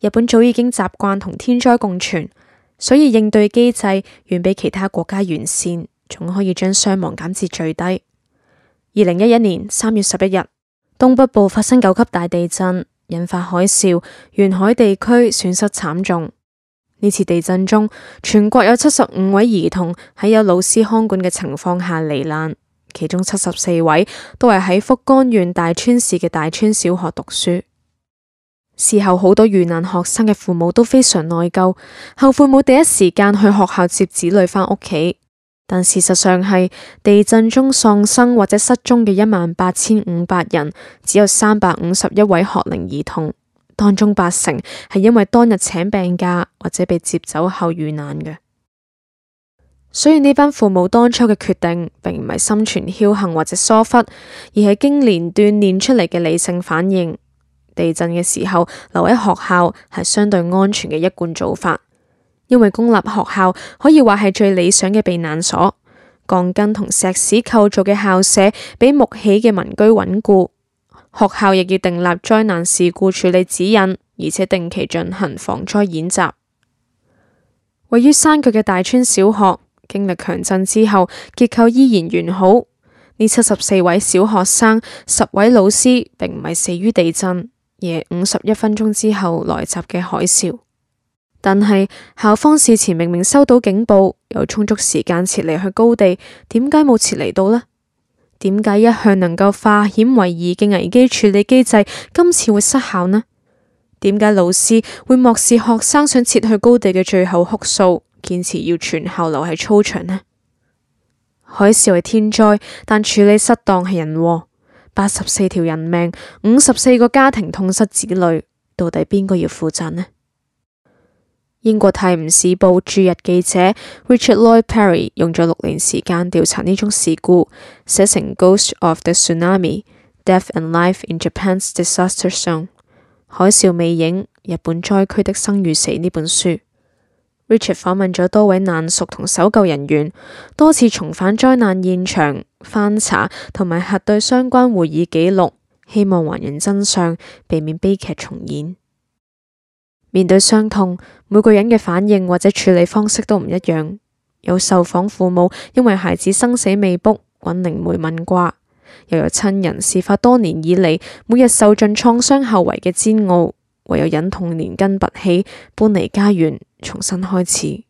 日本早已經習慣同天災共存，所以應對機制遠比其他國家完善，仲可以將傷亡減至最低。二零一一年三月十一日，東北部發生九級大地震，引發海嘯，沿海地區損失慘重。呢次地震中，全國有七十五位兒童喺有老師看管嘅情況下罹難，其中七十四位都係喺福岡縣大川市嘅大川小學讀書。事後，好多遇難學生嘅父母都非常內疚，後悔冇第一時間去學校接子女返屋企。但事實上係地震中喪生或者失蹤嘅一萬八千五百人，只有三百五十一位學齡兒童，當中八成係因為當日請病假或者被接走後遇難嘅。所以呢班父母當初嘅決定，並唔係心存僥倖或者疏忽，而係經年鍛煉出嚟嘅理性反應。地震嘅時候，留喺學校係相對安全嘅一貫做法，因為公立學校可以話係最理想嘅避難所。鋼筋同石屎構造嘅校舍比木起嘅民居穩固。學校亦要訂立災難事故處理指引，而且定期進行防災演習。位於山腳嘅大川小學，經歷強震之後，結構依然完好。呢七十四位小學生、十位老師，並唔係死於地震。夜五十一分鐘之後來襲嘅海嘯，但係校方事前明明收到警報，有充足時間撤離去高地，點解冇撤離到呢？點解一向能夠化險為夷嘅危機處理機制，今次會失效呢？點解老師會漠視學生想撤去高地嘅最後哭訴，堅持要全校留喺操場呢？海嘯係天災，但處理失當係人禍。八十四條人命，五十四個家庭痛失子女，到底邊個要負責呢？英國泰晤士報駐日記者 Richard Lloyd Parry 用咗六年時間調查呢宗事故，寫成《Ghosts of the Tsunami: Death and Life in Japan's Disaster Zone》（海嘯魅影：日本災區的生與死）呢本書。Richard 訪問咗多位難屬同搜救人員，多次重返災難現場。翻查同埋核對相關會議記錄，希望還原真相，避免悲劇重演。面對傷痛，每個人嘅反應或者處理方式都唔一樣。有受訪父母因為孩子生死未卜，揾靈媒問卦；又有親人事發多年以嚟，每日受盡創傷後遺嘅煎熬，唯有忍痛連根拔起，搬離家園，重新開始。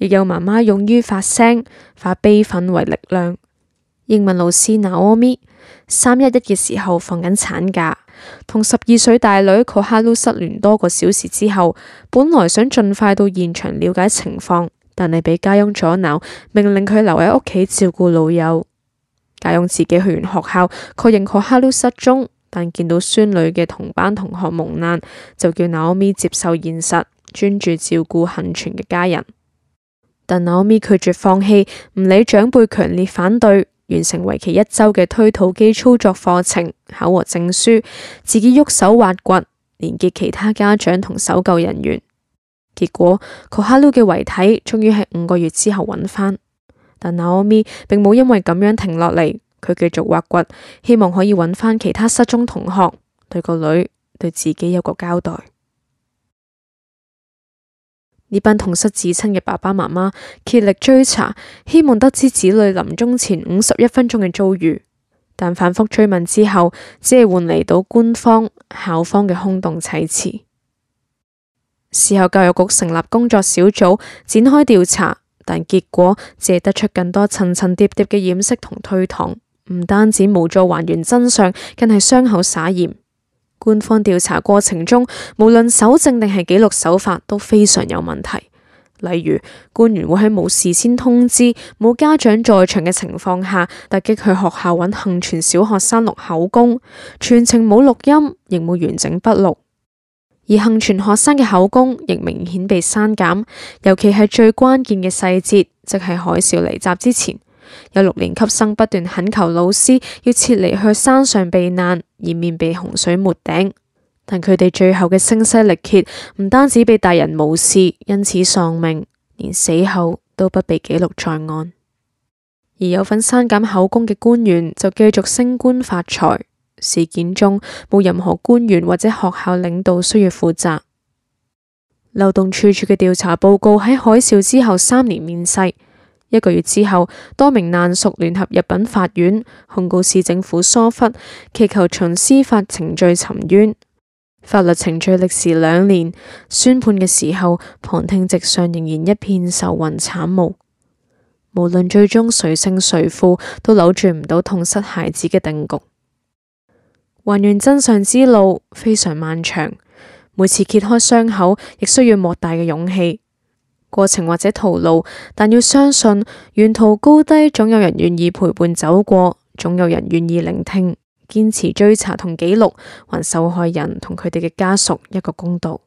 亦有媽媽勇於發聲，化悲憤為力量。英文老師娜奧咪三一一嘅時候放緊產假，同十二歲大女柯哈魯失聯多個小時之後，本來想盡快到現場了解情況，但係被家傭阻撓，命令佢留喺屋企照顧老友。家傭自己去完學校，確認柯哈魯失蹤，但見到孫女嘅同班同學蒙難，就叫娜奧咪接受現實，專注照顧幸存嘅家人。但 Naomi 拒絕放棄，唔理長輩強烈反對，完成為期一周嘅推土機操作課程，考獲證書，自己喐手挖掘，連結其他家長同搜救人員。結果，Koharu 嘅遺體終於喺五個月之後揾返。但 Naomi 並冇因為咁樣停落嚟，佢繼續挖掘，希望可以揾返其他失蹤同學，對個女，對自己有個交代。呢班痛失至親嘅爸爸媽媽竭力追查，希望得知子女臨終前五十一分鐘嘅遭遇，但反復追問之後，只係換嚟到官方校方嘅空洞砌詞。事後教育局成立工作小組展開調查，但結果只係得出更多層層疊疊嘅掩飾同推搪，唔單止無助還原真相，更係傷口撒鹽。官方調查過程中，無論搜證定係記錄手法都非常有問題。例如，官員會喺冇事先通知、冇家長在場嘅情況下，突擊去學校揾幸存小學生錄口供，全程冇錄音，亦冇完整筆錄。而幸存學生嘅口供亦明顯被刪減，尤其係最關鍵嘅細節，即係海嘯嚟襲之前。有六年級生不斷懇求老師要撤離去山上避難，以免被洪水沒頂。但佢哋最後嘅聲嘶力竭，唔單止被大人無視，因此喪命，連死後都不被記錄在案。而有份刪減口供嘅官員就繼續升官發財。事件中冇任何官員或者學校領導需要負責。漏洞處處嘅調查報告喺海嘯之後三年面世。一個月之後，多名難屬聯合入稟法院控告市政府疏忽，祈求從司法程序尋冤。法律程序歷時兩年，宣判嘅時候，旁聽席上仍然一片愁雲慘霧。無論最終誰勝誰負，都扭轉唔到痛失孩子嘅定局。還原真相之路非常漫長，每次揭開傷口，亦需要莫大嘅勇氣。過程或者徒勞，但要相信，沿途高低總有人願意陪伴走過，總有人願意聆聽，堅持追查同記錄，還受害人同佢哋嘅家屬一個公道。